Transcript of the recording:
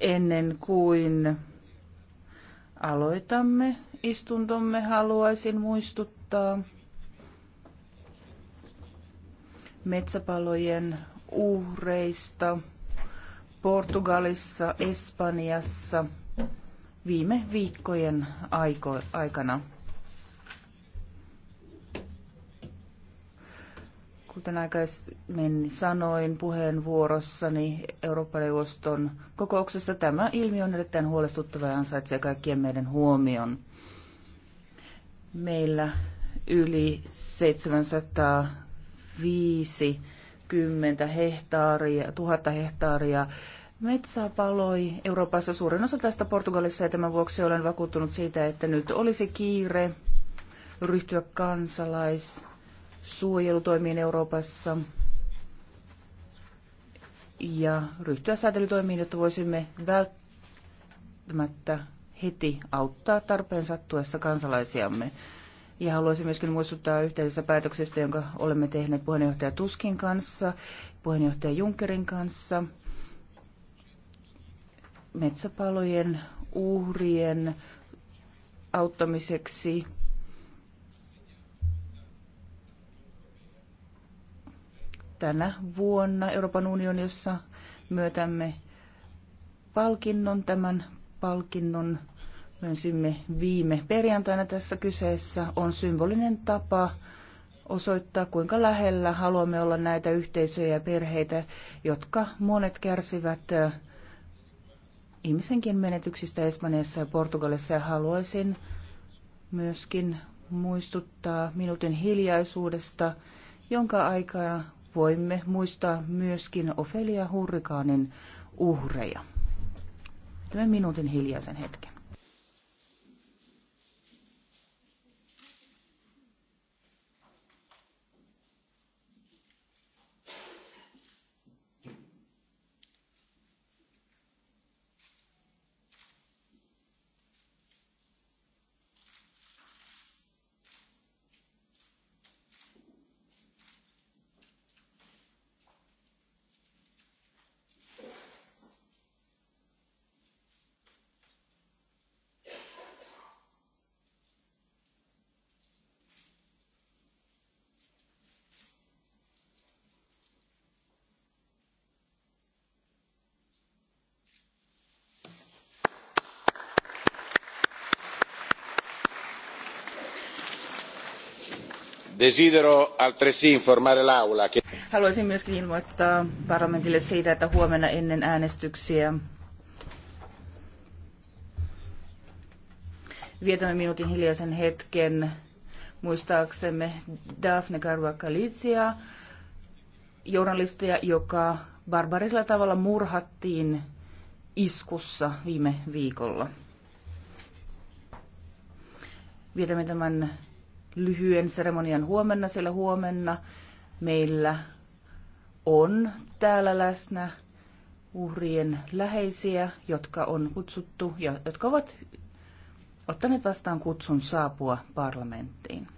Ennen kuin aloitamme istuntomme, haluaisin muistuttaa metsäpalojen uhreista Portugalissa, Espanjassa viime viikkojen aikana. Kuten aikaisemmin sanoin puheenvuorossani Eurooppa-neuvoston kokouksessa, tämä ilmiö on erittäin huolestuttava ja ansaitsee kaikkien meidän huomion. Meillä yli 750 hehtaaria, 1000 hehtaaria Metsää paloi Euroopassa suurin osa tästä Portugalissa ja tämän vuoksi olen vakuuttunut siitä, että nyt olisi kiire ryhtyä kansalais- suojelutoimiin Euroopassa ja ryhtyä säätelytoimiin, jotta voisimme välttämättä heti auttaa tarpeen sattuessa kansalaisiamme. Ja haluaisin myöskin muistuttaa yhteisestä päätöksestä, jonka olemme tehneet puheenjohtaja Tuskin kanssa, puheenjohtaja Junckerin kanssa, metsäpalojen uhrien auttamiseksi tänä vuonna Euroopan unionissa myötämme palkinnon. Tämän palkinnon myönsimme viime perjantaina tässä kyseessä. On symbolinen tapa osoittaa, kuinka lähellä haluamme olla näitä yhteisöjä ja perheitä, jotka monet kärsivät äh, ihmisenkin menetyksistä Espanjassa ja Portugalissa. Ja haluaisin myöskin muistuttaa minuutin hiljaisuudesta, jonka aikaa voimme muistaa myöskin Ofelia Hurrikaanin uhreja. Tämä minuutin hiljaisen hetken. Desidero altresì informare l'aula che... Haluaisin myöskin ilmoittaa parlamentille siitä, että huomenna ennen äänestyksiä vietämme minuutin hiljaisen hetken muistaaksemme Daphne Caruana Galizia, journalistia, joka barbarisella tavalla murhattiin iskussa viime viikolla. Vietämme tämän lyhyen seremonian huomenna, sillä huomenna meillä on täällä läsnä uhrien läheisiä, jotka on kutsuttu ja jotka ovat ottaneet vastaan kutsun saapua parlamenttiin.